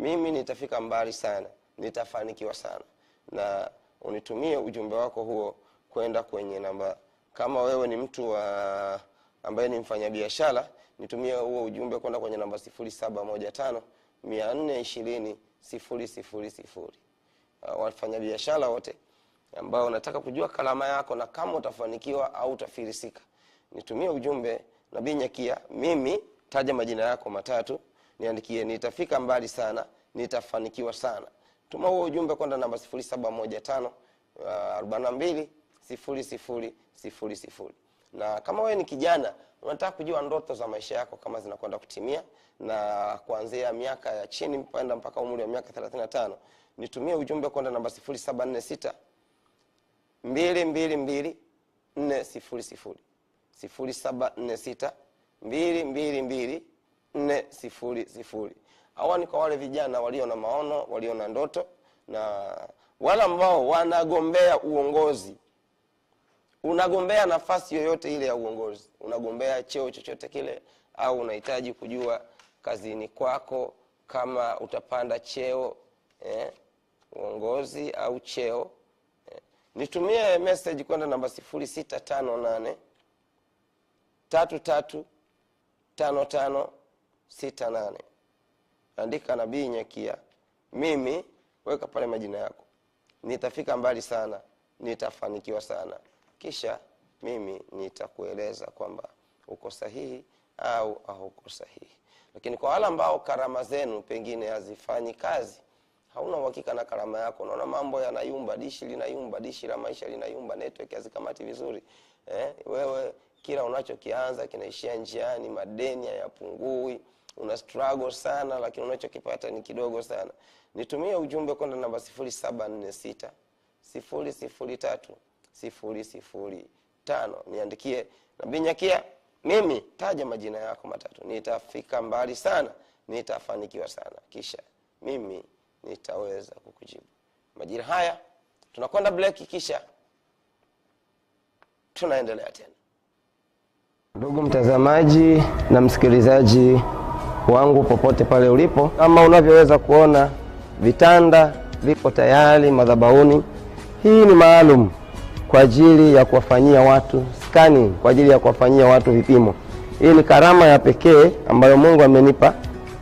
mimi nitafika mbali sana, nitafanikiwa sana. Na unitumie ujumbe wako huo kwenda kwenye namba, kama wewe ni mtu wa ambaye ni mfanyabiashara, nitumie huo ujumbe kwenda kwenye namba 0715 420 000. Uh, wafanyabiashara wote ambao unataka kujua kalama yako na kama utafanikiwa au utafirisika, nitumie ujumbe Nabii Nyakia, mimi taja majina yako matatu niandikie nitafika mbali sana nitafanikiwa sana tuma huo ujumbe kwenda namba 0715 42 uh, na kama wewe ni kijana unataka kujua ndoto za maisha yako kama zinakwenda kutimia na kuanzia miaka ya chini mpanda mpaka umri wa miaka 35 nitumie ujumbe kwenda namba 0746 222 400 0746 222 nne sifuri sifuri. Hawa ni kwa wale vijana walio na maono, walio na ndoto na wale ambao wanagombea uongozi. Unagombea nafasi yoyote ile ya uongozi, unagombea cheo chochote kile, au unahitaji kujua kazini kwako kama utapanda cheo eh, uongozi au cheo eh. Nitumie message kwenda namba sifuri sita tano nane tatu tatu tano tano sita nane andika Nabii Nyakia, mimi weka pale majina yako, nitafika mbali sana, nitafanikiwa sana. Kisha mimi nitakueleza kwamba uko sahihi au auko sahihi. Lakini kwa wale ambao karama zenu pengine hazifanyi kazi, hauna uhakika na karama yako, unaona mambo yanayumba, dishi linayumba, dishi la maisha linayumba, network hazikamati vizuri eh, wewe kila unachokianza kinaishia njiani, madeni hayapungui una struggle sana, lakini unachokipata ni kidogo sana. Nitumie ujumbe kwenda namba sifuri saba nne niandikie Nabii mimi taja majina yako matatu, nitafika mbali sana, nitafanikiwa sana, kisha mimi nitaweza kukujibu majira haya. Tunakwenda breki, kisha tunaendelea tena. Ndugu mtazamaji na msikilizaji wangu popote pale ulipo. Kama unavyoweza kuona vitanda viko tayari madhabahuni. Hii ni maalum kwa ajili ya kuwafanyia watu scanning, kwa ajili ya kuwafanyia watu vipimo. Hii ni karama ya pekee ambayo Mungu amenipa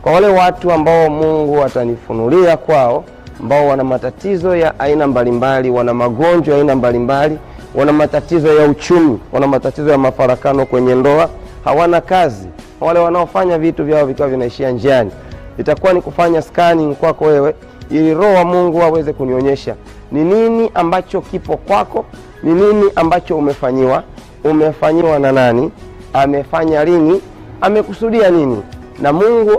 kwa wale watu ambao Mungu atanifunulia kwao, ambao wana matatizo ya aina mbalimbali, wana magonjwa ya aina mbalimbali, wana matatizo ya uchumi, wana matatizo ya mafarakano kwenye ndoa, hawana kazi wale wanaofanya vitu vyao vikiwa vinaishia njiani. Itakuwa ni kufanya scanning kwako wewe, ili Roho wa Mungu aweze kunionyesha ni nini ambacho kipo kwako, ni nini ambacho umefanyiwa, umefanyiwa na nani, amefanya lini, amekusudia nini, na Mungu